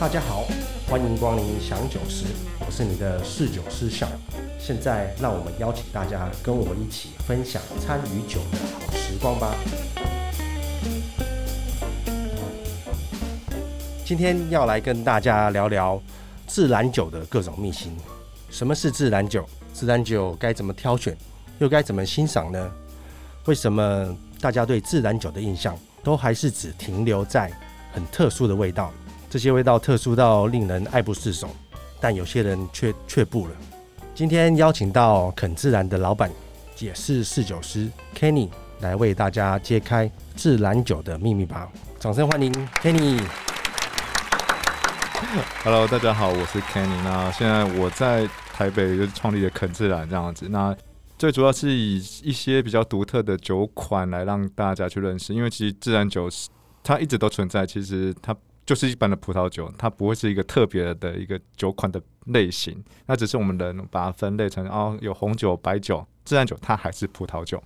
大家好，歡迎光臨享酒師，我是你的侍酒師 Sean。現在讓我們邀請大家跟我們一起分享餐與酒的好時光吧。今天要來跟大家聊聊自然酒的各種秘辛。什麼是自然酒？自然酒該怎麼挑選，又該怎麼欣賞呢？為什麼大家對自然酒的印象，都還是只停留在很特殊的味道？這些味道特殊到令人愛不釋手，但有些人卻卻不了。今天邀請到肯自然的老闆，也是侍酒師 Kenny 來為大家揭開自然酒的秘密吧！掌聲歡迎 Kenny。Hello，大家好，我是 Kenny。那現在我在台北就創立了肯自然這樣子。那最主要是以一些比較獨特的酒款來讓大家去認識，因為其實自然酒它一直都存在。其實它。就是一般的葡萄酒，它不會是一個特別的一個酒款的類型，那只是我們人把它分類成哦，有紅酒、白酒、自然酒，它還是葡萄酒。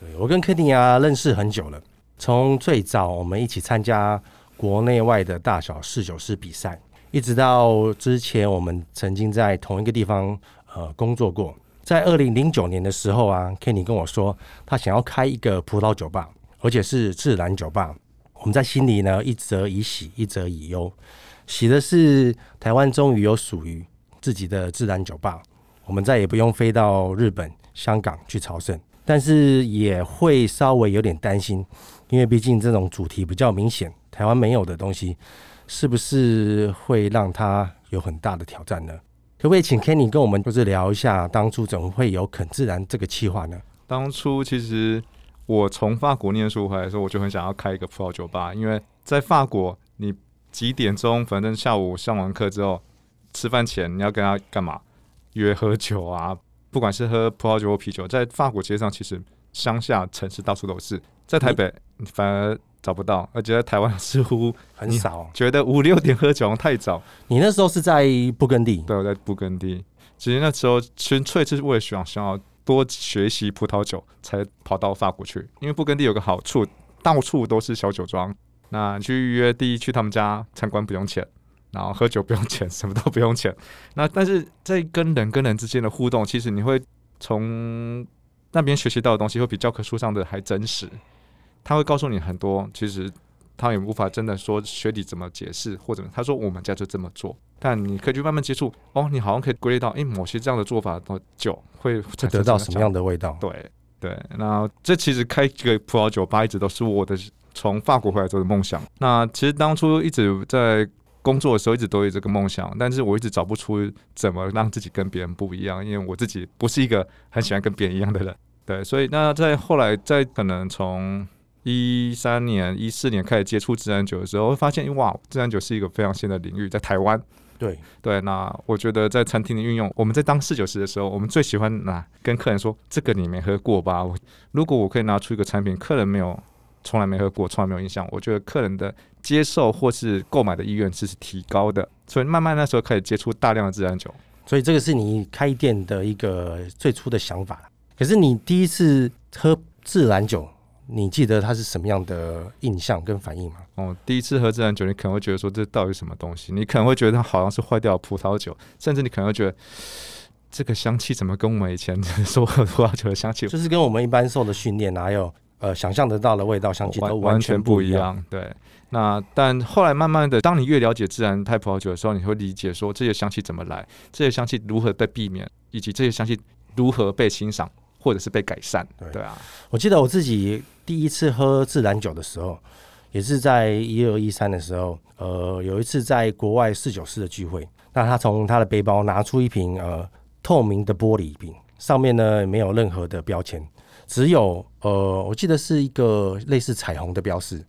對我跟肯尼啊認識很久了，從最早我們一起參加國內外的大小試酒師比賽，一直到之前我們曾經在同一個地方呃工作過。在二零零九年的時候啊，肯尼跟我說他想要開一個葡萄酒吧，而且是自然酒吧。我們在心裡呢，一則以喜，一則以憂。喜的是台灣終於有屬於自己的自然酒吧，我們再也不用飛到日本、香港去朝聖。但是也會稍微有點擔心，因為畢竟這種主題比較明顯，台灣沒有的東西，是不是會讓它有很大的挑戰呢？可不可以請 Kenny 跟我們就是聊一下當初怎麼會有肯自然這個企劃呢？當初其實。我從法國念書回來的時候，我就很想要開一個葡萄酒吧，因為在法國，你幾點鐘，反正下午上完課之後，吃飯前你要跟他幹嘛約喝酒啊，不管是喝葡萄酒或啤酒，在法國街上其實鄉下、城市到處都是，在台北你反而找不到，你而且在台灣似乎很少，覺得五六點喝酒太早。你那時候是在布根地？對，我在布根地，其實那時候純粹就是為了想想要。多學習葡萄酒，才跑到法國去。因為布根地有個好處，到處都是小酒莊。那你去預約第一去他們家參觀不用錢，然後喝酒不用錢，什麼都不用錢。那但是在跟人跟人之間的互動，其實你會從那邊學習到的東西會比教科書上的還真實。他會告訴你很多，其實。他也無法真的說學理怎麼解釋或者，他說我們家就這麼做。但你可以去慢慢接觸，哦，你好像可以歸類到，誒，某些這樣的做法的酒會會得到什麼樣的味道？對對，那這其實開這個葡萄酒吧，一直都是我的從法國回來做的夢想。那其實當初一直在工作的時候，一直都有這個夢想，但是我一直找不出怎麼讓自己跟別人不一樣，因為我自己不是一個很喜歡跟別人一樣的人。對，所以那在後來，在可能從。一三年、一四年開始接觸自然酒的時候，會發現哇，自然酒是一個非常新的領域，在台灣。對對，那我覺得在餐廳的運用，我們在當侍酒師的時候，我們最喜歡那、啊、跟客人說：“這個你沒喝過吧？”如果我可以拿出一個產品，客人沒有從來沒喝過，從來沒有印象，我覺得客人的接受或是購買的意願是是提高的。所以慢慢那時候開始接觸大量的自然酒，所以這個是你開店的一個最初的想法。可是你第一次喝自然酒。你記得它是什麼樣的印象跟反應嗎？哦，第一次喝自然酒，你可能會覺得說，這到底是什麼東西？你可能會覺得它好像是壞掉的葡萄酒，甚至你可能會覺得這個香氣怎麼跟我們以前說喝葡萄酒的香氣，就是跟我們一般受的訓練，還有呃想象得到的味道，香氣都完全不一樣。對，那但後來慢慢的，當你越了解自然態葡萄酒的時候，你會理解說這些香氣怎麼來，這些香氣如何被避免，以及這些香氣如何被欣賞或者是被改善。對啊，我記得我自己。第一次喝自然酒的時候，也是在一二一三的時候，呃，有一次在國外侍酒師的聚會，那他從他的背包拿出一瓶呃透明的玻璃瓶，上面呢也沒有任何的標籤，只有呃我記得是一個類似彩虹的標示，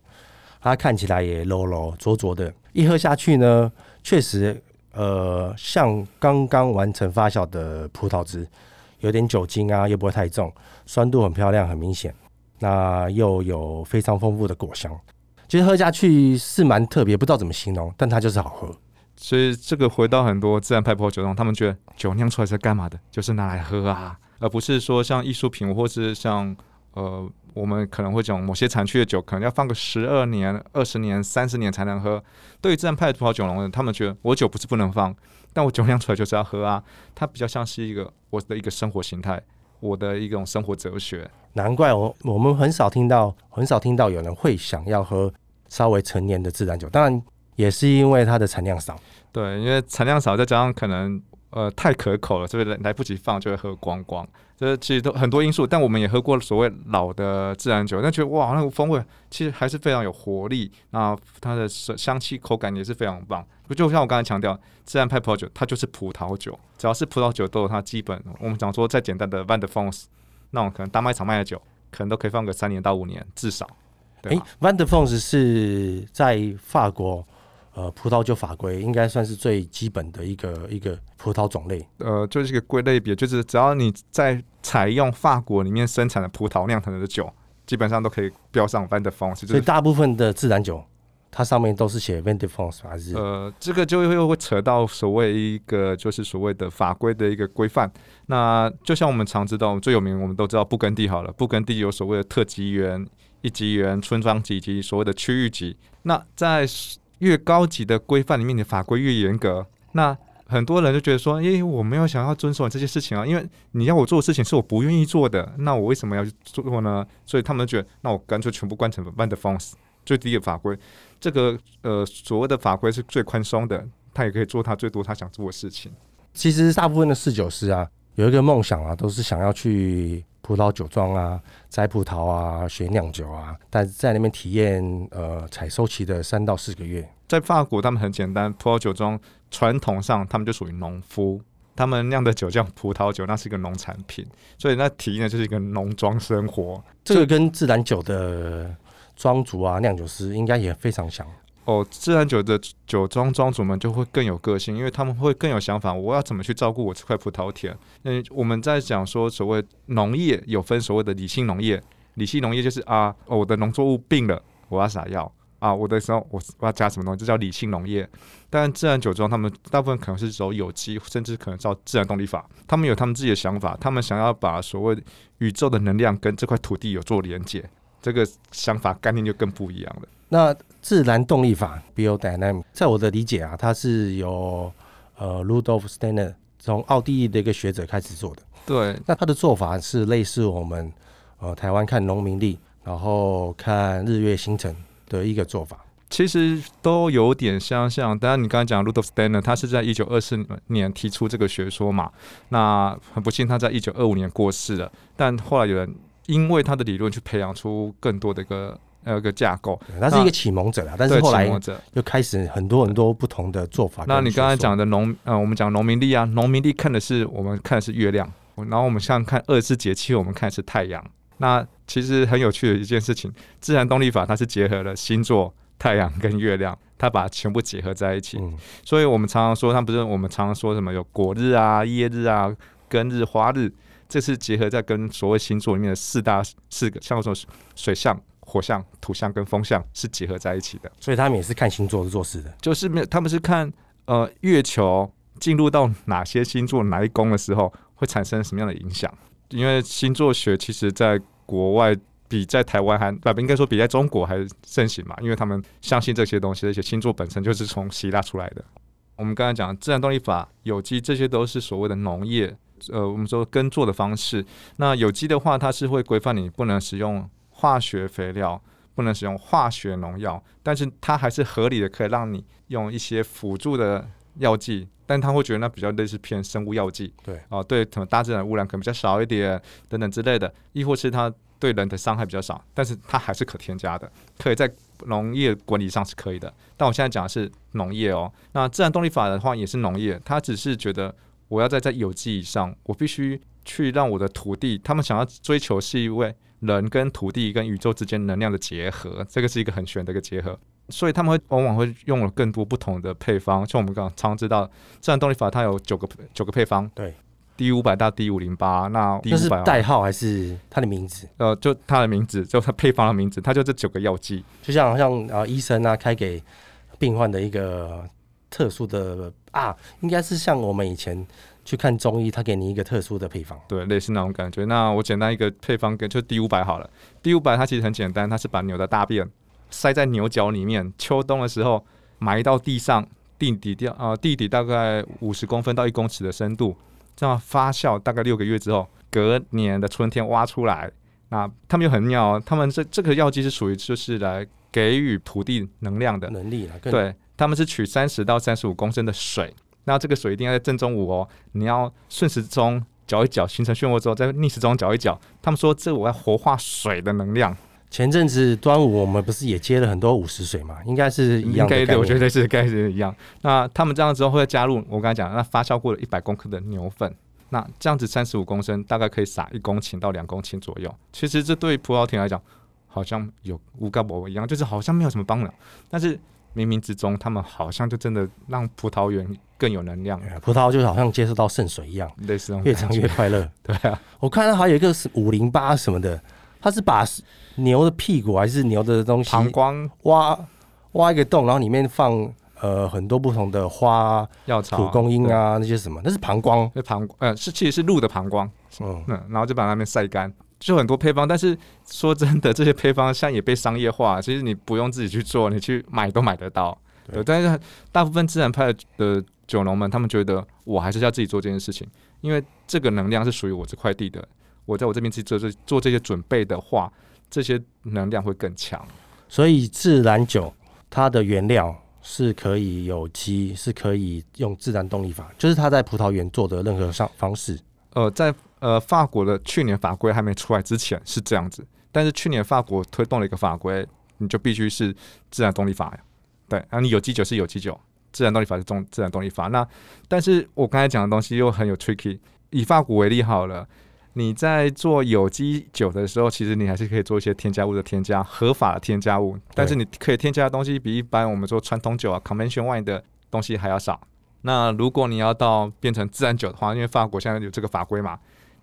它、啊、看起來也柔柔濁濁的，一喝下去呢，確實呃像剛剛完成發酵的葡萄汁，有點酒精啊又不會太重，酸度很漂亮，很明顯。那又有非常豐富的果香，其實喝下去是蠻特別，不知道怎麼形容，但它就是好喝。所以這個回到很多自然派葡萄酒中，他們覺得酒釀出來是幹嘛的？就是拿來喝啊，嗯、而不是說像藝術品，或是像呃我們可能會講某些產區的酒，可能要放個十二年、二十年、三十年，才能喝。對於自然派葡萄酒龍人，他們覺得我酒不是不能放，但我酒釀出來就是要喝啊，它比較像是一個我的一個生活形態，我的一種生活哲學，難怪我我們很少聽到，很少聽到有人會想要喝稍微成年的自然酒。當然也是因為它的產量少，對，因為產量少，再加上可能。呃，太可口了，所以來，來不及放，就會喝光光。這其實都很多因素，但我們也喝過所謂老的自然酒，但覺得哇，那個風味其實還是非常有活力，那它的香氣、口感也是非常棒。就像我剛才強調，自然派葡萄酒它就是葡萄酒，只要是葡萄酒，都有它基本。我們講說，再簡單的 Vin de France 那種可能大賣場賣的酒，可能都可以放個三年到五年，至少。對，哎 Vin de France 是在法國。呃，葡萄酒法規應該算是最基本的一個一個葡萄種類。呃，就是一個歸類別，就是只要你在採用法國裡面生產的葡萄釀成的酒，基本上都可以標上 Vin de France。所以大部分的自然酒，它上面都是寫 Vin de France 還是？呃，這個就又會扯到所謂一個就是所謂的法規的一個規範。那就像我們常知道，最有名我們都知道布根地好了，布根地有所謂的特級園、一級園、村莊級以及所謂的區域級。那在越高級的規範裡面的法規越嚴格。那很多人就覺得說：“誒、欸，我沒有想要遵守這些事情啊，因為你要我做的事情是我不願意做的，那我為什麼要去做呢？”所以他們就覺得，那我乾脆全部關成 Vin de France 最低的法規，這個呃所謂的法規是最寬鬆的，他也可以做他最多他想做的事情。其實大部分的侍酒師啊。有一個夢想啊，都是想要去葡萄酒莊啊，摘葡萄啊，學釀酒啊，但是在那邊體驗呃採收期的三到四個月。在法國，他們很簡單，葡萄酒莊傳統上他們就屬於農夫，他們釀的酒叫葡萄酒，那是一個農產品，所以那體驗呢就是一個農莊生活。這個跟自然酒的莊主啊、釀酒師應該也非常像。哦，自然酒的酒莊莊主們就會更有個性，因為他們會更有想法。我要怎麼去照顧我這塊葡萄田？因為我們在講說，所謂農業有分所謂的理性農業，理性農業就是啊、哦，我的農作物病了，我要撒藥啊，我的時候我我要加什麼東西，這叫理性農業。但自然酒莊他們大部分可能是走有機，甚至可能走自然動力法。他們有他們自己的想法，他們想要把所謂宇宙的能量跟這塊土地有做連接。這個想法概念就更不一樣了。那自然動力法 Biodynamic 在我的理解啊，它是由呃 Rudolf Steiner 從奧地利的一個學者開始做的。對。那他的做法是類似我們呃台灣看農民曆，然後看日月星辰的一個做法。其實都有點相像，像，當然你剛剛講 Rudolf Steiner，他是在一九二四年提出這個學說嘛。那很不幸，他在一九二五年過世了。但後來有人。因為他的理論去培養出更多的一個那、呃、一個架構，他是一個啟蒙者了，啊、但是後來就開始很多很多不同的做法說說。那你剛才講的農，呃，我們講農民曆啊，農民曆看的是我們看的是月亮，然後我們像看二十四節氣，我們看的是太陽。那其實很有趣的一件事情，自然動力法它是結合了星座、太陽跟月亮，它把它全部結合在一起。所以我們常常說，它不是我們常常說什麼有果日啊、葉日啊、根日、花日。這是結合在跟所謂星座裡面的四大四個，像說水象、火象、土象跟風象是結合在一起的，所以他們也是看星座做事的，就是沒有他們是看呃月球進入到哪些星座哪一宮的時候會產生什麼樣的影響，因為星座學其實在國外比在台灣還，應該說比在中國還盛行嘛，因為他們相信這些東西，而且星座本身就是從希臘出來的。我們剛才講自然動力法、有機，這些都是所謂的農業。呃，我們說耕作的方式，那有機的話，它是會規範你不能使用化學肥料，不能使用化學農藥，但是它還是合理的，可以讓你用一些輔助的藥劑，但它會覺得那比較類似偏生物藥劑對、呃，對，啊，對，什麼大自然污染可能比較少一點，等等之類的，亦或是它對人的傷害比較少，但是它還是可添加的，可以在農業管理上是可以的。但我現在講的是農業哦，那自然動力法的話也是農業，它只是覺得。我要在在有機以上，我必須去讓我的土地，他們想要追求是一位人跟土地跟宇宙之間能量的結合，這個是一個很玄的一個結合，所以他們會往往會用了更多不同的配方，像我們剛剛常知道自然動力法，它有九個九個配方，對，D 五百到 D 五零八，那這是代號還是它的名字？呃，就它的名字，就它配方的名字，它就這九個藥劑，就像好像啊、呃、醫生啊開給病患的一個。特殊的啊，應該是像我們以前去看中醫，他給你一個特殊的配方，對，類似那種感覺。那我簡單一個配方給，就 D500 好了。D500 它其實很簡單，它是把牛的大便塞在牛角裡面，秋冬的時候埋到地上，地底掉啊、呃，地底大概五十公分到一公尺的深度，這樣發酵大概六個月之後，隔年的春天挖出來。那他們又很妙，他們這這個藥劑是屬於就是來給予土地能量的能力、啊、對。他們是取三十到三十五公升的水，那這個水一定要在正中午哦，你要順時鐘攪一攪，形成漩渦之後，再逆時鐘攪一攪。他們說這我要活化水的能量。前陣子端午我們不是也接了很多午時水嘛？應該是一樣的，應該，我覺得是該是一樣。那他們這樣之後會加入我剛才講那發酵過了一百公克的牛糞。那這樣子三十五公升大概可以撒一公頃到兩公頃左右。其實這對葡萄田來講好像有無干伯一樣，就是好像沒有什麼幫了，但是。冥冥之中，他們好像就真的讓葡萄園更有能量，嗯，葡萄就好像接觸到聖水一樣，類似越長越快樂。 對啊，我看到還有一個是五零八什麼的，它是把牛的屁股還是牛的東西膀胱光挖挖一個洞，然後裡面放呃很多不同的花藥草、蒲巢公英啊對那些什麼，那是膀胱，那膀呃是其實是鹿的膀胱，嗯，嗯，然後就把那邊曬乾。就很多配方，但是說真的，這些配方現在也被商業化。其實你不用自己去做，你去買都買得到。對，對但是大部分自然派的酒農們，他們覺得我還是要自己做這件事情，因為這個能量是屬於我這塊地的。我在我這邊去做這做這些準備的話，這些能量會更強。所以自然酒它的原料是可以有機，是可以用自然動力法，就是它在葡萄園做的任何上方式。呃，在。呃，法國的去年法規還沒出來之前是這樣子，但是去年法國推動了一個法規，你就必須是自然動力法呀，對，然、啊、後你有機酒是有機酒，自然動力法是動自然動力法。那但是我剛才講的東西又很有 tricky。以法國為例好了，你在做有機酒的時候，其實你還是可以做一些添加物的添加，合法的添加物，對但是你可以添加的東西比一般我們說傳統酒啊 convention wine 的東西還要少。那如果你要到變成自然酒的話，因為法國現在有這個法規嘛。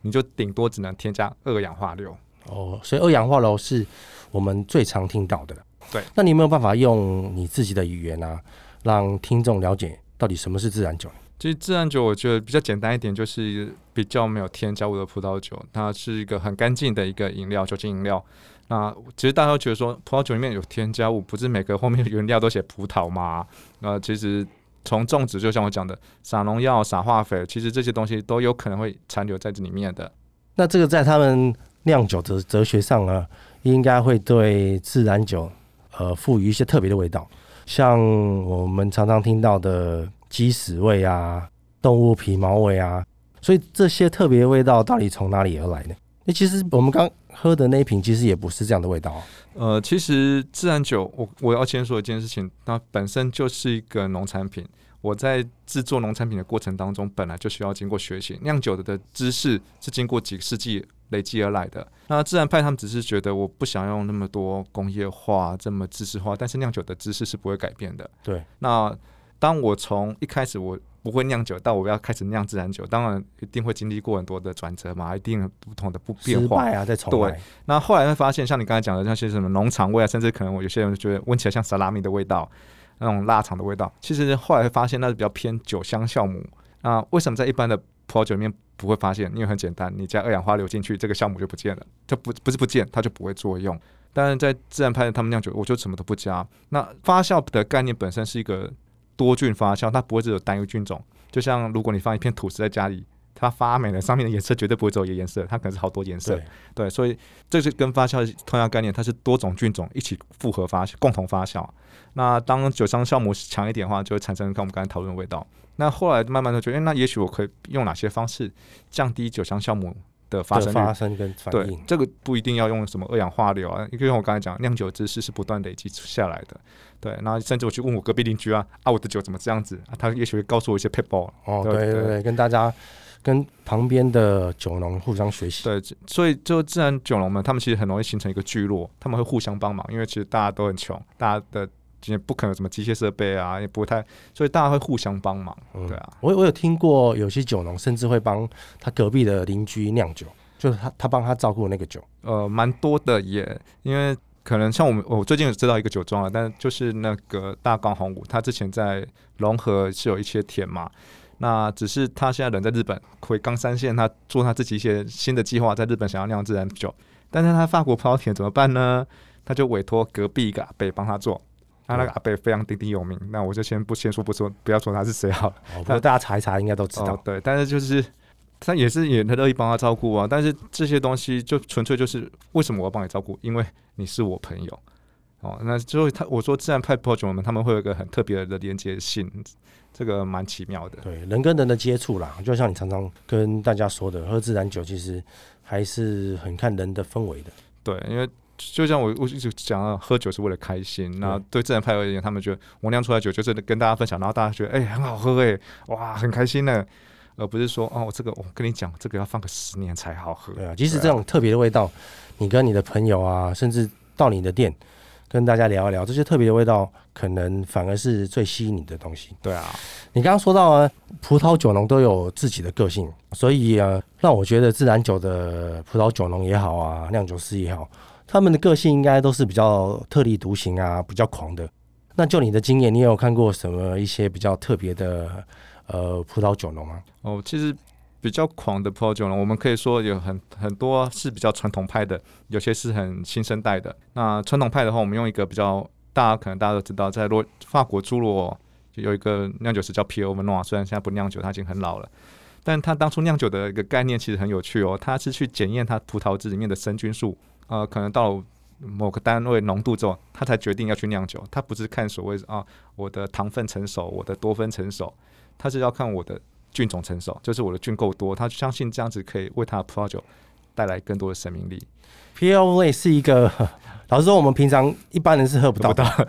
你就頂多只能添加二氧化硫哦，所以二氧化硫是我們最常聽到的。對，那你有沒有辦法用你自己的語言啊，讓聽眾了解到底什麼是自然酒？其實自然酒我覺得比較簡單一點，就是比較沒有添加物的葡萄酒，它是一個很乾淨的一個飲料，酒精飲料。那其實大家都覺得說葡萄酒裡面有添加物，不是每個後面原料都寫葡萄嗎？那其實。從種植就像我講的撒農藥、撒化肥，其實這些東西都有可能會殘留在這裡面的。那這個在他們釀酒的哲學上呢、啊，應該會對自然酒，呃，賦予一些特別的味道，像我們常常聽到的雞屎味啊、動物皮毛味啊，所以這些特別的味道到底從哪裡而來呢？那其實我們剛喝的那一瓶其實也不是這樣的味道啊。呃，其實自然酒，我我要先說一件事情，它本身就是一個農產品。我在制作農產品的過程當中，本來就需要經過學習，釀酒的的知識是經過幾個世紀累積而來的。那自然派他們只是覺得我不想用那麼多工業化這麼知識化，但是釀酒的知識是不會改變的。對。那當我從一開始我。不會釀酒，但我要開始釀自然酒，當然一定會經歷過很多的轉折嘛，一定不同的不變化啊，在對。那後來會發現，像你剛才講的那些什麼農場味啊，甚至可能我有些人就覺得聞起來像薩拉米的味道，那種臘腸的味道，其實後來會發現那是比較偏酒香酵母。那為什麼在一般的葡萄酒裡面不會發現？因為很簡單，你加二氧化硫進去，這個酵母就不見了，它不不是不見，它就不會作用。但是在自然派的他們釀酒，我就什麼都不加。那發酵的概念本身是一個。多菌發酵，它不會只有單一菌種。就像如果你放一片吐司在家裡，它發霉了，上面的顏色絕對不會只有一個顏色，它可能是好多顏色。對，對，所以這是跟發酵的同樣概念，它是多種菌種一起複合發，共同發酵。那當酒香酵母強一點的話，就會產生跟我們剛才討論的味道。那後來慢慢的覺得，哎，那也許我可以用哪些方式降低酒香酵母的發、生的發生跟反應，對，這個不一定要用什麼二氧化硫啊，你可以用我剛才講，釀酒知識是不斷累積下來的，對。然後甚至我去問我隔壁鄰居啊，啊我的酒怎麼這樣子？啊、他也許會告訴我一些 pit ball。哦，對對對，對，跟大家跟旁邊的酒農互相學習。對，所以就自然酒農們，他們其實很容易形成一個聚落，他們會互相幫忙，因為其實大家都很窮，大家的。也不可能有什麼機械設備啊，也不太，所以大家會互相幫忙，嗯、對啊，我我有聽過有些酒農甚至會幫他隔壁的鄰居釀酒，就是他他幫他照顧那個酒，呃，蠻多的耶，因為可能像我們，我最近有知道一個酒莊啊，但就是那個大岡弘武，他之前在隆河是有一些田嘛，那只是他現在人在日本，回岡山縣，他做他自己一些新的計劃，在日本想要釀自然酒，但是他法國葡萄田怎麼辦呢？他就委託隔壁一個阿北幫他做。他那，那個阿伯非常鼎鼎有名，那我就先不先說不說，不要說他是誰好了。哦，大家查一查，應該都知道、哦。對，但是就是他也是也他樂意幫他照顧啊。但是這些東西就純粹就是為什麼我要幫你照顧？因為你是我朋友哦。那最後他我說自然派朋友們他們會有一個很特別的連接性，這個蠻奇妙的。對，人跟人的接觸啦，就像你常常跟大家說的，喝自然酒其實還是很看人的氛圍的。對，因為。就像我，我一直講啊，喝酒是為了開心。那對自然對派而言，他們覺得我釀出來酒就，就是跟大家分享，然後大家覺得哎、欸、很好喝哎，哇很開心呢，而不是說哦，這個我跟你講，這個要放個十年才好喝。對啊，即使這種特別的味道，啊、你跟你的朋友啊，甚至到你的店跟大家聊一聊，這些特別的味道，可能反而是最吸引你的東西。對啊，你剛剛說到、啊、葡萄酒農都有自己的個性，所以啊，讓我覺得自然酒的葡萄酒農也好啊，釀酒師也好，他們的個性應該都是比較特立獨行啊，比較狂的。那就你的經驗，你有看過什麼一些比較特別的呃葡萄酒農嗎、啊？哦，其實比較狂的葡萄酒農，我們可以說有很很多是比較傳統派的，有些是很新生代的。那傳統派的話，我們用一個比較大家可能大家都知道，在洛法國侏羅就有一個釀酒師叫皮歐·溫諾，雖然現在不釀酒，他已經很老了，但他當初釀酒的一個概念，其實很有趣哦，他是去檢驗他葡萄汁裡面的生菌數。呃，可能到了某個單位濃度之後，他才決定要去釀酒。他不是看所謂啊，我的糖分成熟，我的多酚成熟，他是要看我的菌種成熟，就是我的菌夠多。他相信這樣子可以為他的葡萄酒帶來更多的生命力。P.O. 味是一個，老實說，我們平常一般人是喝不到的。到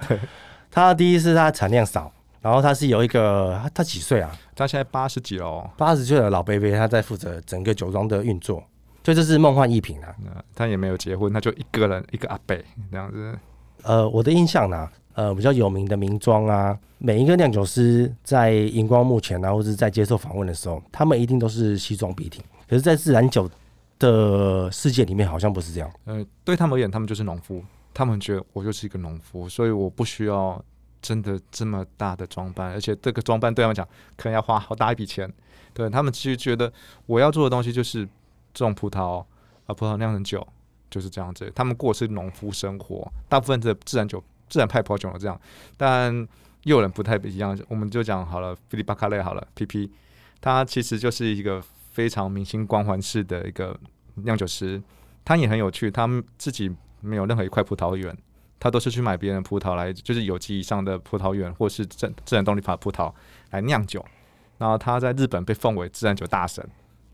他第一是他產量少，然後他是有一個他,他幾歲啊？他現在八十幾了哦，八十歲的老 baby，他在負責整個酒莊的運作。所以這是夢幻逸品啊、呃，他也沒有結婚，他就一個人一個阿伯。這樣子。呃，我的印象呢、啊，呃，比較有名的名莊啊，每一個釀酒師在熒光幕前然、啊、或者在接受訪問的時候，他們一定都是西裝筆挺。可是，在自然酒的世界裡面，好像不是這樣。呃，對他們而言，他們就是農夫，他們覺得我就是一個農夫，所以我不需要真的這麼大的裝扮，而且這個裝扮對他們講，可能要花好大一筆錢。對他們其實覺得，我要做的東西就是。這種葡萄啊，葡萄釀成酒就是這樣子。他們過的是農夫生活，大部分的自然酒、自然派葡萄酒都這樣。但又有人不太一樣，我們就講好了，菲利巴卡雷好了，P P，皮了他其實就是一個非常明星光環式的一個釀酒師。他也很有趣，他們自己沒有任何一塊葡萄園，他都是去買別人的葡萄來，就是有機以上的葡萄園或是自自然動力法葡萄來釀酒。然後他在日本被奉為自然酒大神，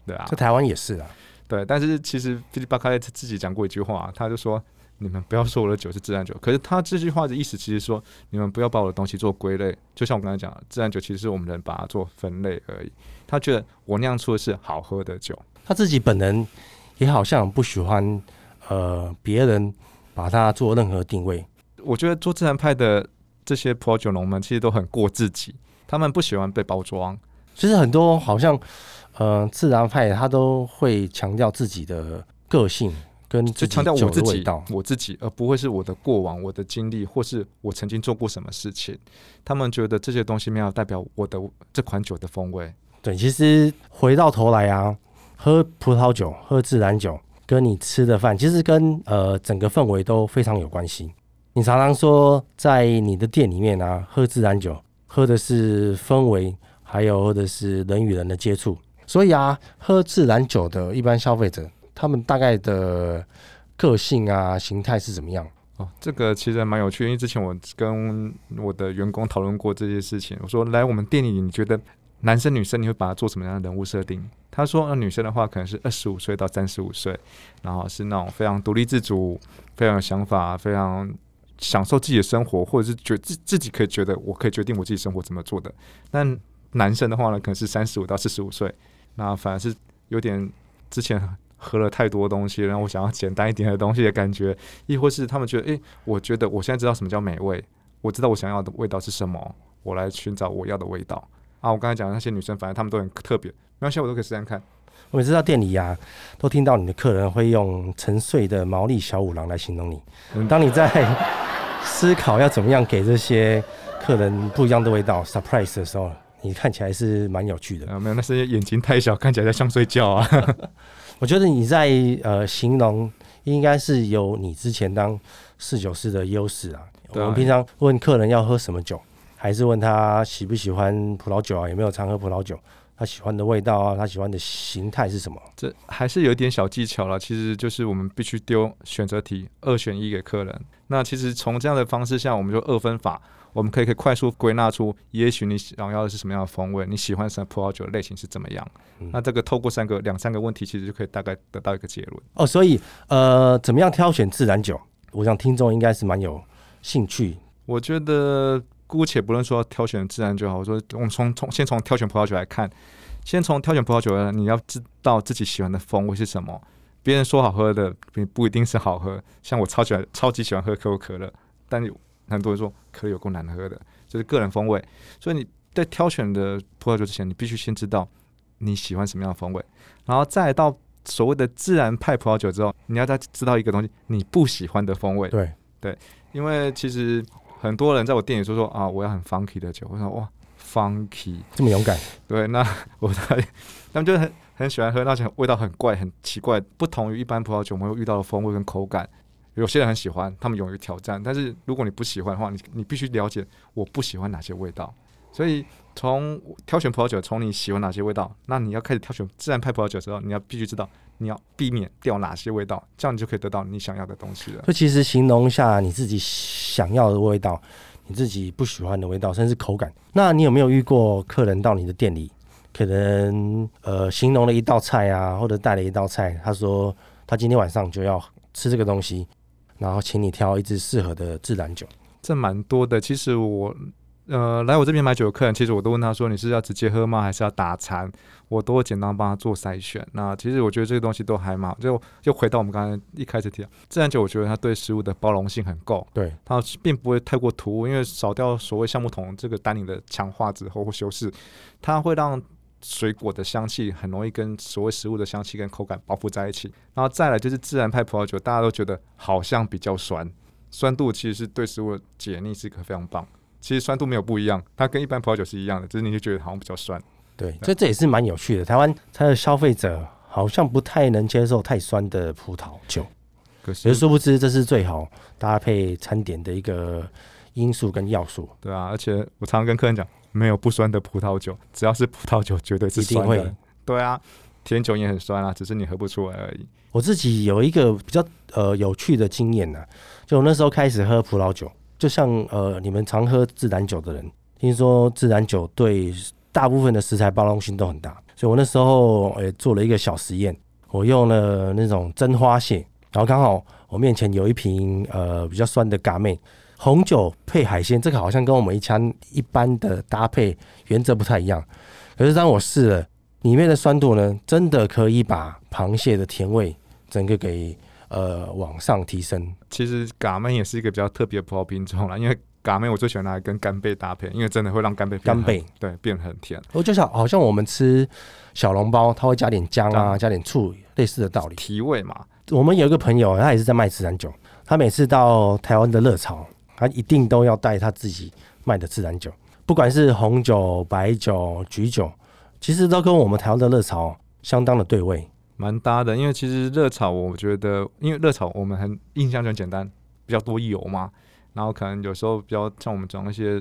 對啊，在台灣也是啊。對，但是其實菲利巴卡列他自己講過一句話啊，他就說：“你們不要說我的酒是自然酒。”可是他這句話的意思其實是說：“你們不要把我的東西做歸類。”就像我剛才講的，自然酒其實是我們人把它做分類而已。他覺得我釀出的是好喝的酒，他自己本人也好像不喜歡呃別人把它做任何定位。我覺得做自然派的這些葡萄酒農們其實都很過自己，他們不喜歡被包裝。其實很多好像，呃，自然派他都會強調自己的個性跟自己酒的味道，就強調我自己，我自己，而不會是我的過往、我的經歷或是我曾經做過什麼事情。他們覺得這些東西沒有代表我的我這款酒的風味。對，其實回到頭來啊，喝葡萄酒、喝自然酒，跟你吃的飯其實跟呃整個氛圍都非常有關係。你常常說，在你的店裡面啊，喝自然酒喝的是氛圍。還有或者是人與人的接觸，所以啊，喝自然酒的一般消費者，他們大概的個性啊、形態是怎麼樣？哦，這個其實蠻有趣，因為之前我跟我的員工討論過這些事情。我說來我們店裡，你覺得男生、女生，你會把他做什麼樣的人物設定？他說，那女生的話可能是二十五歲到三十五歲，然後是那種非常獨立自主、非常有想法、非常享受自己的生活，或者是覺自自己可以覺得我可以決定我自己生活怎麼做的。那男生的話呢，可能是三十五到四十五歲，那反而是有點之前喝了太多東西，然後我想要簡單一點的東西的感覺，亦或是他們覺得，誒、欸，我覺得我現在知道什麼叫美味，我知道我想要的味道是什麼，我來尋找我要的味道啊！我剛才講的那些女生，反正她們都很特別，沒關係，我都可以試試看。我每次到店裡呀、啊，都聽到你的客人會用沉睡的毛利小五郎來形容你。嗯、當你在思考要怎麼樣給這些客人不一樣的味道、surprise 的時候。你看起來是蠻有趣的啊，沒有，那是眼睛太小，看起來像睡覺啊。 我覺得你在呃形容，應該是有你之前當侍酒師的優勢啊。啊我們平常問客人要喝什麼酒，還是問他喜不喜歡葡萄酒啊，有沒有常喝葡萄酒，他喜歡的味道啊，他喜歡的形態是什麼？這還是有點小技巧了。其實就是我們必須丟選擇題，二選一給客人。那其實從這樣的方式下，我們就二分法。我們可以可以快速歸納出，也許你想要的是什麼樣的風味，你喜歡什麼葡萄酒類型是怎麼樣。嗯、那這個透過三個兩三個問題，其實就可以大概得到一個結論。哦，所以呃，怎麼樣挑選自然酒？我想聽眾應該是蠻有興趣。我覺得姑且不論說挑選自然酒好，我說我們從從先從挑選葡萄酒來看，先從挑選葡萄酒呢，你要知道自己喜歡的風味是什麼。別人說好喝的並不一定是好喝，像我超喜歡超級喜歡喝可口可樂，但。很多人說可以有夠難喝的，就是個人風味。所以你在挑選的葡萄酒之前，你必須先知道你喜歡什麼樣的風味，然後再到所謂的自然派葡萄酒之後，你要再知道一個東西，你不喜歡的風味。對對，因為其實很多人在我店裡說說啊，我要很 funky 的酒，我說哇，funky 這麼勇敢？對，那我在他們就很很喜歡喝那些味道很怪、很奇怪，不同於一般葡萄酒我們會遇到的風味跟口感。有些人很喜歡，他們勇於挑戰。但是如果你不喜歡的話，你你必須了解我不喜歡哪些味道。所以從挑選葡萄酒，從你喜歡哪些味道，那你要開始挑選自然派葡萄酒的時候，你要必須知道你要避免掉哪些味道，這樣你就可以得到你想要的東西了。就其實形容一下你自己想要的味道，你自己不喜歡的味道，甚至口感。那你有沒有遇過客人到你的店裡，可能呃形容了一道菜啊，或者帶了一道菜，他說他今天晚上就要吃這個東西。然後請你挑一支適合的自然酒，這蠻多的。其實我呃來我這邊買酒的客人，其實我都問他說，你是要直接喝嗎，還是要搭餐？我都會簡單幫他做篩選。那其實我覺得這個東西都還蠻就就回到我們剛才一開始提到自然酒，我覺得它對食物的包容性很夠，對，它並不會太過突兀，因為少掉所謂橡木桶這個單寧的強化之後或修飾，它會讓。水果的香氣很容易跟所謂食物的香氣跟口感包覆在一起，然後再來就是自然派葡萄酒，大家都覺得好像比較酸，酸度其實是對食物的解膩是一個非常棒。其實酸度沒有不一樣，它跟一般葡萄酒是一樣的，只、就是你就覺得好像比較酸。對，對所以這也是蠻有趣的。台灣它的消費者好像不太能接受太酸的葡萄酒，可是殊不知這是最好搭配餐點的一個因素跟要素。對啊，而且我常常跟客人講。沒有不酸的葡萄酒，只要是葡萄酒，絕對是酸的。啊對啊，甜酒也很酸啊，只是你喝不出來而已。我自己有一個比較呃有趣的經驗吶、啊，就我那時候開始喝葡萄酒，就像呃你們常喝自然酒的人，聽說自然酒對大部分的食材包容性都很大，所以我那時候也做了一個小實驗，我用了那種蒸花蟹，然後剛好我面前有一瓶呃比較酸的嘎妹。紅酒配海鮮，這個好像跟我們以前一般的搭配原則不太一樣。可是當我試了，裡面的酸度呢，真的可以把螃蟹的甜味整個給呃往上提升。其實蛤門也是一個比較特別的葡萄品種啦，因為蛤門我最喜歡拿來跟干貝搭配，因為真的會讓干貝干貝貝對變很甜。我就像好像我們吃小籠包，它會加點薑啊，加點醋，類似的道理。提味嘛。我們有一個朋友，他也是在賣自然酒，他每次到台灣的熱潮。他一定都要帶他自己賣的自然酒，不管是紅酒、白酒、橘酒，其實都跟我們台灣的熱炒相當的對味，蠻搭的。因為其實熱炒，我覺得，因為熱炒我們很印象就很簡單，比較多油嘛，然後可能有時候比較像我們講那些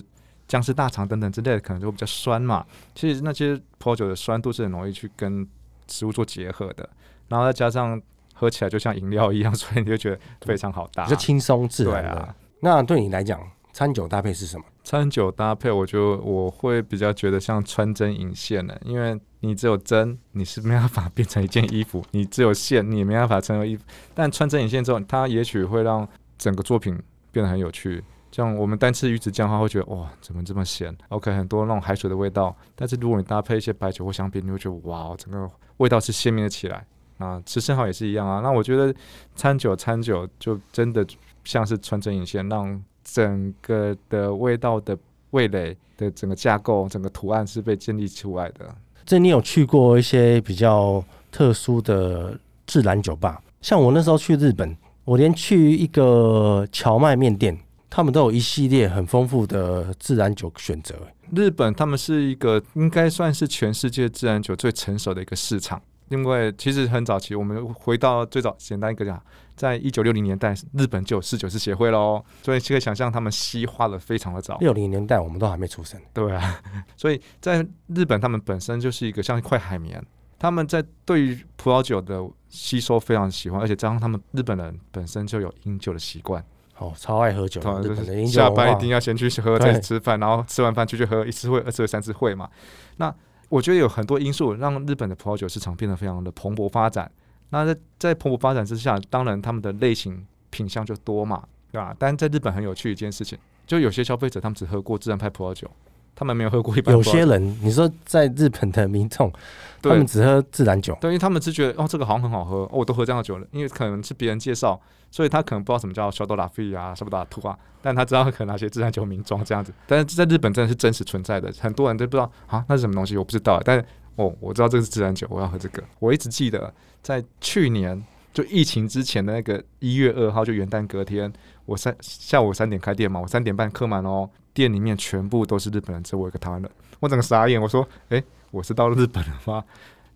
薑絲、大腸等等之類的，可能就比較酸嘛。其實那些葡萄酒的酸度是很容易去跟食物做結合的，然後再加上喝起來就像飲料一樣，所以你就覺得非常好搭，就輕鬆自然啊。那對你來講，餐酒搭配是什麼？餐酒搭配，我覺得我會比較覺得像穿針引線耶，因為你只有針，你是沒辦法變成一件衣服；你只有線，你也沒辦法成為衣服。但穿針引線之後，它也許會讓整個作品變得很有趣。像我們單吃魚子醬的話，會覺得哇、哦，怎麼這麼鹹？OK，很多那種海水的味道。但是如果你搭配一些白酒或香檳，你會覺得哇，整個味道是鮮明的起來啊！吃生蠔也是一樣啊。那我覺得餐酒餐酒就真的。像是穿針引線，讓整個的味道的味蕾的整個架構、整個圖案是被建立出來的。這，你有去過一些比較特殊的自然酒吧？像我那時候去日本，我連去一個蕎麥麵店，他們都有一系列很豐富的自然酒選擇。日本他們是一個應該算是全世界自然酒最成熟的一個市場。因為其實很早期，我們回到最早簡單一個講，在一九六零年代，日本就有侍酒師協會了哦，所以可以想像他們西化的非常的早。六零年代我們都還沒出生，對啊，所以在日本他們本身就是一個像一塊海綿，他們在對於葡萄酒的吸收非常喜歡，而且加上他們日本人本身就有飲酒的習慣，哦，超愛喝酒，嗯、就是下班一定要先去喝再吃飯，對然後吃完飯出去喝，一次會、二次會、三次會嘛，那。我覺得有很多因素讓日本的葡萄酒市場變得非常的蓬勃發展。那在在蓬勃發展之下，當然他們的類型品相就多嘛，對吧，啊。但在日本很有趣一件事情，就有些消費者他們只喝過自然派葡萄酒。他們沒有喝過一般。有些人，你說在日本的民眾， 對他們只喝自然酒，對，因為他們只覺得哦，這個好像很好喝，哦，我都喝這樣的酒了，因為可能是別人介紹，所以他可能不知道什麼叫 Château Lafite 啊、什麼 Château Latour 啊，但他知道可能哪些自然酒名莊這樣子。但是在日本真的是真實存在的，很多人都不知道啊，那是什麼東西？我不知道，但是哦，我知道這是自然酒，我要喝這個。我一直記得在去年就疫情之前的那個一月二號，就元旦隔天，我三下午三點開店嘛，我三點半客滿哦。店裡面全部都是日本人，只有我一個台灣人，我整個傻眼，我說，誒，我是到日本了嗎？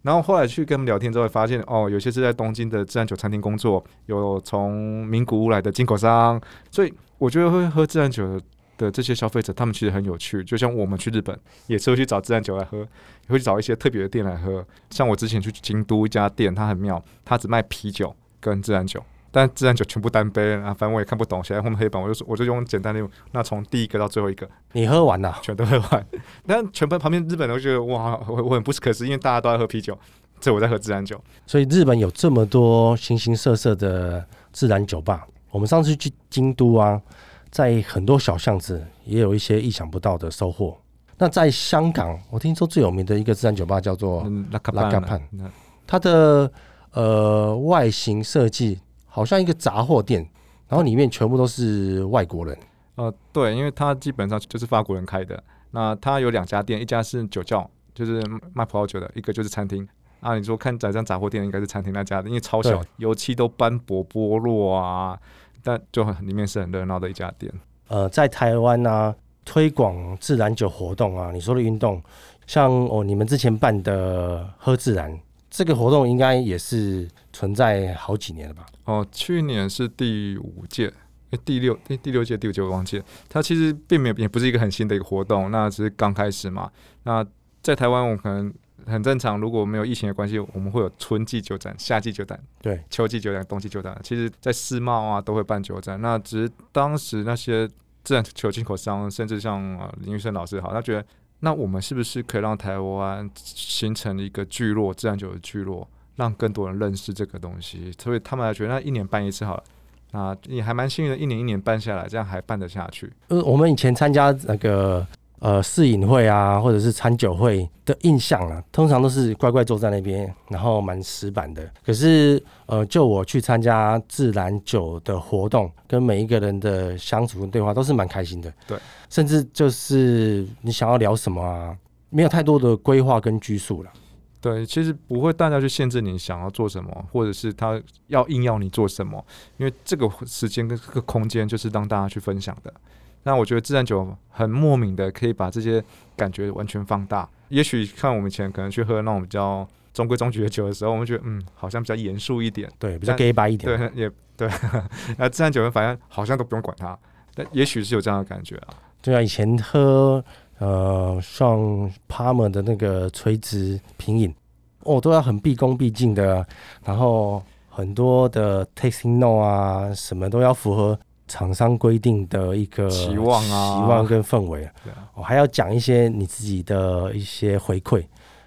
然後後來去跟他們聊天之後，發現哦，有些是在東京的自然酒餐廳工作，有從名古屋來的進口商，所以我覺得會喝自然酒的這些消費者，他們其實很有趣。就像我們去日本，也是會去找自然酒來喝，也會去找一些特別的店來喝。像我之前去京都一家店，它很妙，它只賣啤酒跟自然酒。但自然酒全部單杯，啊，反正我也看不懂，寫在後面黑板，我就說，我就用簡單的。那從第一個到最後一個，你喝完啦，啊，全都喝完。但全部旁邊日本人都覺得哇，我，我很不可思議，因為大家都在喝啤酒，這我在喝自然酒。所以日本有這麼多形形色色的自然酒吧。我們上次去京都啊，在很多小巷子，也有一些意想不到的收穫。那在香港，我聽說最有名的一個自然酒吧叫做拉卡拉卡畔，它的呃外形設計，好像一個雜貨店，然後裡面全部都是外國人。呃，對，因為他基本上就是法國人開的。那他有兩家店，一家是酒窖，就是賣葡萄酒的，一個就是餐廳。啊，你說看在這樣雜貨店，應該是餐廳那家的，因為超小，哦、油漆都斑駁剝落啊。但就裡面是很熱鬧的一家店。呃，在台灣啊，推廣自然酒活動啊，你說的運動，像哦，你們之前辦的喝自然這個活動，應該也是存在好幾年了吧？哦，去年是第五屆，第六第第六屆第五屆，我忘記了。它其實並沒有，也不是一個很新的一個活動，那只是剛開始嘛。那在台灣，我們可能很正常，如果沒有疫情的關係，我們會有春季酒展、夏季酒展、對秋季酒展、冬季酒展。其實，在世貿啊都會辦酒展，那只是當時那些自然酒進口商，甚至像林玉生老師，好，他覺得那我們是不是可以讓台灣形成一個聚落，自然酒的聚落？讓更多人認識這個東西，所以他們還覺得那一年辦一次好了。那、啊、你還蠻幸運的，一年一年辦下來，這樣還辦得下去。呃，我們以前參加那個呃試飲會啊，或者是餐酒會的印象啊，通常都是乖乖坐在那邊，然後蠻死板的。可是呃，就我去參加自然酒的活動，跟每一個人的相處跟對話都是蠻開心的。對，甚至就是你想要聊什麼啊，沒有太多的規劃跟拘束了。對，其實不會，大家去限制你想要做什麼，或者是他要硬要你做什麼，因為這個時間跟這個空間就是讓大家去分享的。那我覺得自然酒很莫名的，可以把這些感覺完全放大。也許看我們以前可能去喝那種比較中規中矩的酒的時候，我們覺得嗯，好像比較嚴肅一點，對，比較假掰一點，對，也對。那 自然酒人反正好像都不用管它，但也許是有這樣的感覺啊。對啊，以前喝。呃，上他們的那個垂直品飲，我、哦、都要很畢恭畢敬的，然後很多的 tasting note 啊，什麼都要符合廠商規定的一個期望啊，期望跟氛圍。我、啊哦、還要講一些你自己的一些回饋。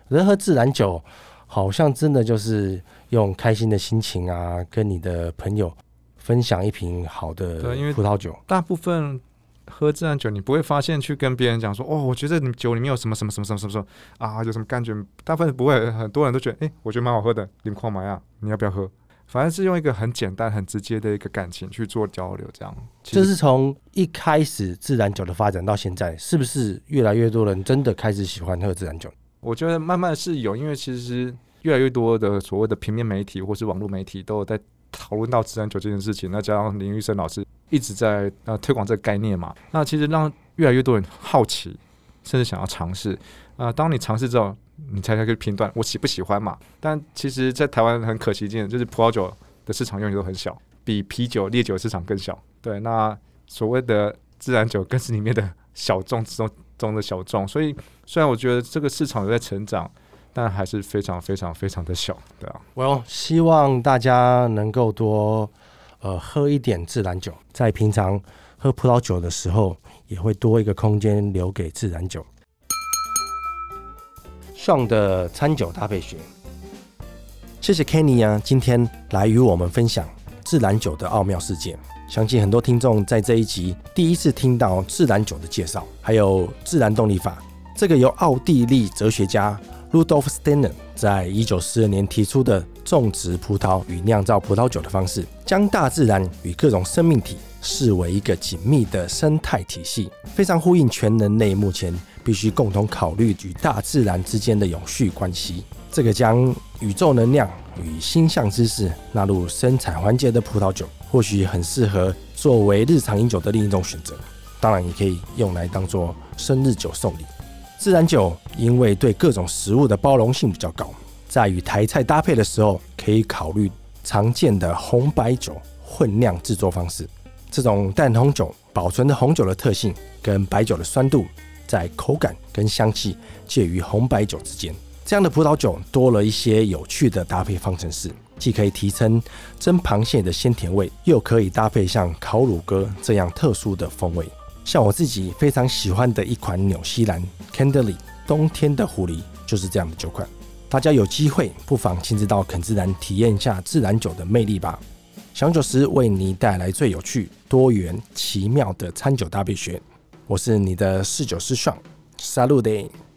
人喝自然酒，好像真的就是用開心的心情啊，跟你的朋友分享一瓶好的葡萄酒。大部分。喝自然酒，你不會發現去跟別人講說，哦，我覺得你酒裡面有什麼什麼什麼什麼什麼啊，有什麼感覺？大部分不會，很多人都覺得，哎、欸，我覺得蠻好喝的，你快買啊，你要不要喝？反而是用一個很簡單、很直接的一個感情去做交流，這樣。其實這是從一開始自然酒的發展到現在，是不是越來越多人真的開始喜歡喝自然酒？我覺得慢慢是有，因為其實越來越多的所謂的平面媒體或是網絡媒體都有在。討論到自然酒這件事情，那加上林裕森老師一直在啊、呃、推廣這個概念嘛，那其實讓越來越多人好奇，甚至想要嘗試啊、呃。當你嘗試之後，你才可以評斷我喜不喜歡嘛。但其實，在台灣很可惜的一件就是，葡萄酒的市場永遠都很小，比啤酒、烈酒市場更小。對，那所謂的自然酒更是裡面的小眾之中的小眾。所以，雖然我覺得這個市場有在成長。但還是非常非常非常的小，對啊。Well, 希望大家能夠多呃喝一點自然酒，在平常喝葡萄酒的時候，也會多一個空間留給自然酒。Sean 的餐酒搭配學。謝謝 Kenny 啊，今天來與我們分享自然酒的奧妙世界。相信很多聽眾在這一集第一次聽到自然酒的介紹，還有自然動力法，這個由奧地利哲學家，Rudolf Steiner 在一九四二年提出的種植葡萄與釀造葡萄酒的方式，將大自然與各種生命體視為一個緊密的生態體系，非常呼應全人類目前必須共同考慮與大自然之間的永續關係。這個將宇宙能量與星象知識納入生產環節的葡萄酒，或許很適合作為日常飲酒的另一種選擇。當然，也可以用來當做生日酒送禮。自然酒因為對各種食物的包容性比較高，在與台菜搭配的時候，可以考慮常見的紅白酒混釀製作方式。這種淡紅酒保存著紅酒的特性跟白酒的酸度，在口感跟香氣介於紅白酒之間。這樣的葡萄酒多了一些有趣的搭配方程式，既可以提升蒸螃蟹的鮮甜味，又可以搭配像烤乳鴿這樣特殊的風味。像我自己非常喜歡的一款紐西蘭 Kindeli 冬天的狐狸就是這樣的酒款，大家有機會不妨親自到肯自然體驗一下自然酒的魅力吧。侍酒師為你帶來最有趣、多元、奇妙的餐酒搭配學，我是你的侍酒師 Sean，Salute。